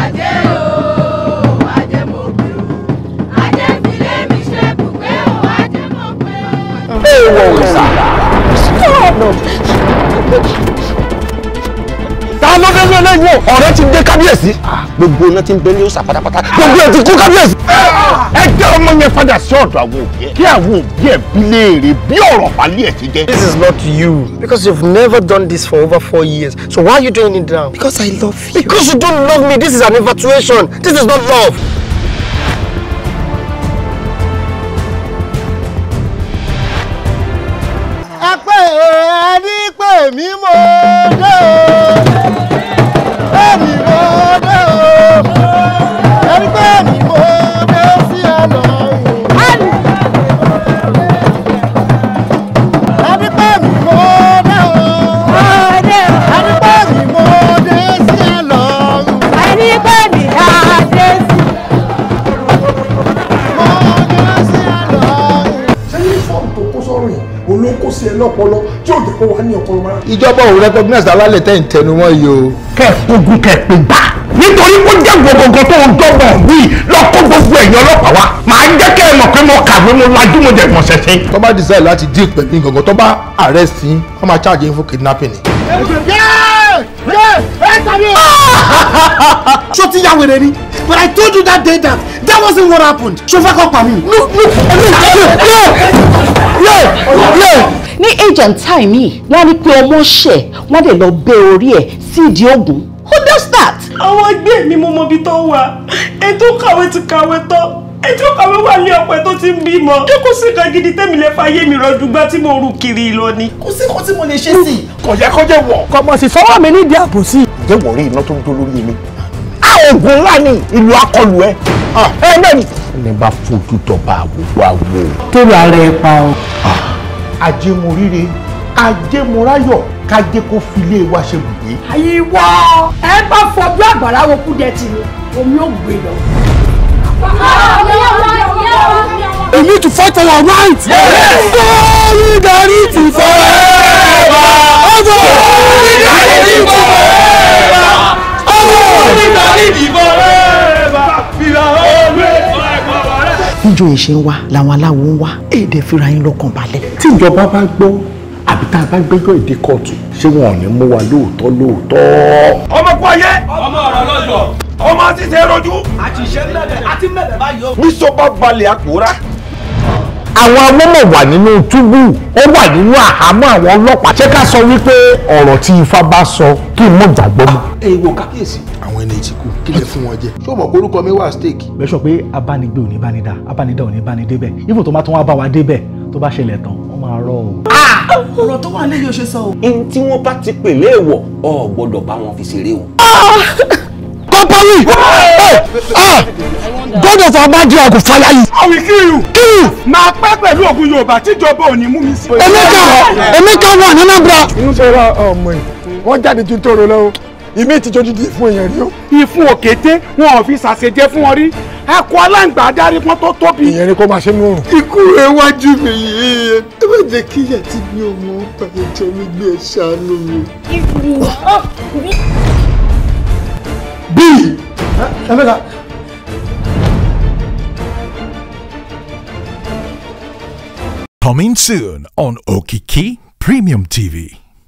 àjẹ́ o àjẹ́ mo pè o àjẹ́ filé mi ṣe bùgbé o àjẹ́ mo pè o. èèwọ̀ òòsà. ta ló fẹ́ fẹ́ lẹ́yìn ọ̀rẹ́ ti dé kábíyèsí ah, gbogbo iná ti ń bẹ ní òòsà pátápátá gbogbo ẹ̀ ti kú kábíyèsí dá ọmọ yẹn padà sí ọ̀dọ̀ àwọn òbí ẹ̀ kí àwọn òbí ẹ̀ bí léèrè bí ọ̀rọ̀ balẹ̀ ẹ̀ ti jẹ́. This is not you because you've never done this for over four years so why are you doing it now. Because I love you. Because you don't love me this is an infatuation this is not love. ẹ pé ẹni pè mí mo dé o. olóko sí ẹ lọ́pọlọ tí ò jẹ́ kó wá ní ọpọlọ mara. ìjọba ò recognize alálẹ̀ tẹ́ ń tẹnu wọn yìí o. kẹ́ẹ̀kógun kẹ́ẹ̀pẹ́ gbà nítorí ó jẹ́ gbọ̀ngàn tó ń dọ́gbọ̀n wí lọ́kọ́ gbogbo ẹ̀yìn ọlọ́pàá wa màá jẹ́ kẹ́ ẹ mọ̀ pé mo kàwé mo lajú mo dẹ̀ mọ̀ ṣẹ̀ṣẹ̀. tó bá láti deal pẹ̀lú gbọ̀ngàn tó bá arrest yín wọ́n máa charge fún kidnapping ni. ṣó ti yá wèrè ni But I told you that day that that wasn't what happened. ṣó fẹ́ kọ́ pa mí. no no no no ní agent and time yìí wọ́n á ní pé ọmọ ṣẹ̀ wọ́n dẹ̀ lọ bẹ́ orí ẹ̀ sí ìdí who does that. àwọn ẹgbẹ́ mi mo mọ ibi tó wà ètò kàwé ti kàwé tán ètò kàwé wà ní ọ̀pẹ tó ti ń bímọ ṣé kò sí nǹkan gidi tẹ́mi lè fa ayé mi rọjú gbá tí mo rù kiri lọ ni. kò sí nǹkan tí mo lè ṣe sí i kọ̀yẹ́kọ́jẹ́ wọ̀. kọ̀mọ̀sí sọ́wọ́ mi nídìí àbòsí. ǹjẹ́ wọ́n rí iná tó ń dó lórí mi ogun ńlá ni ìlú akọlù ẹ ah. ẹ náà ni. ẹni bá fojú tọba àwòwò àwò. tó lọ ara ẹ pa ọ àjẹmọ́ríre kájẹmọ́ráyọ̀ kájẹ kó filé wa ṣe bùgbé. àyíwọ ẹ bá fọjú àgbàrá wo kú dẹ tì mí omi ò gbé lọ. We need to fight for our rights. Yes. Solidarity forever. Ever. bójú yẹn ṣe ń wá làwọn aláwo ń wá èdè fira yín lọ́kàn balẹ̀. tí ìjọba bá gbọ́ àbí tá a bá gbẹ́jọ́ ìdí kóòtù ṣé wọn ò ní mú wa lóòótọ́ lóòótọ́. ọmọ kú ayé ọmọ ọ̀rọ̀ lọ́jọ́ ọmọ àti ṣe rojú. àti ṣe mẹ́lẹ̀ àti mẹ́lẹ̀ báyọ̀. níṣó bá balẹ̀ àkúrá. àwọn amọ́mọ̀ wà nínú túbú ó wà nínú àhámọ́ àwọn ọlọ́pàá ṣé ká sọ wípé ọ̀rọ̀ tí ifá bá sọ kí n mọ̀ gbàgbọ́ mọ́. èèwọ̀ kákíyèsí àwọn ẹni tí kú kí lè fún wọn jẹ. ṣó mọ̀ pé orúkọ mi wà steak. mẹ́sọ̀ pé abánigbé ò ní bá ní dá abánidá ò ní bá ní débẹ̀ even tó bá tún wá bá wa débẹ̀ tó bá ṣẹlẹ̀ tán wọ́n máa rọ o. Ah! ọ̀rọ̀ tó wà lẹ́yìn oṣù sọ n tí wọ́n bá ti pè léèwọ̀ o gbọ́dọ̀ bá wọn fi ṣeré o. pápá ah! yìí ah! god of amadi ogun fire you. i will kill you. kill you. máa pẹ́ pẹ̀lú ògùn yorùbá tíjọba ò ní mú mi sí. emeka emeka wà ní nàbra. inú ọmọ ẹ wọn jáde ju tóró lọ ìmí ti jọ dídí ìfún èèyàn rí o. ìfún òkété wọn ò fi ṣàṣejẹ fún wọn rí akọ aláǹgbá adarí pọn tó tóbi. ìyẹn ni kó máa ṣe nínú òrùn. ikú rẹ wájú mi yìí ẹ má jẹ kí ìyá tí mi ò mọ pàdé jẹ mi gbé ẹ ṣàánú mi. bíi Coming soon on Okiki Premium TV.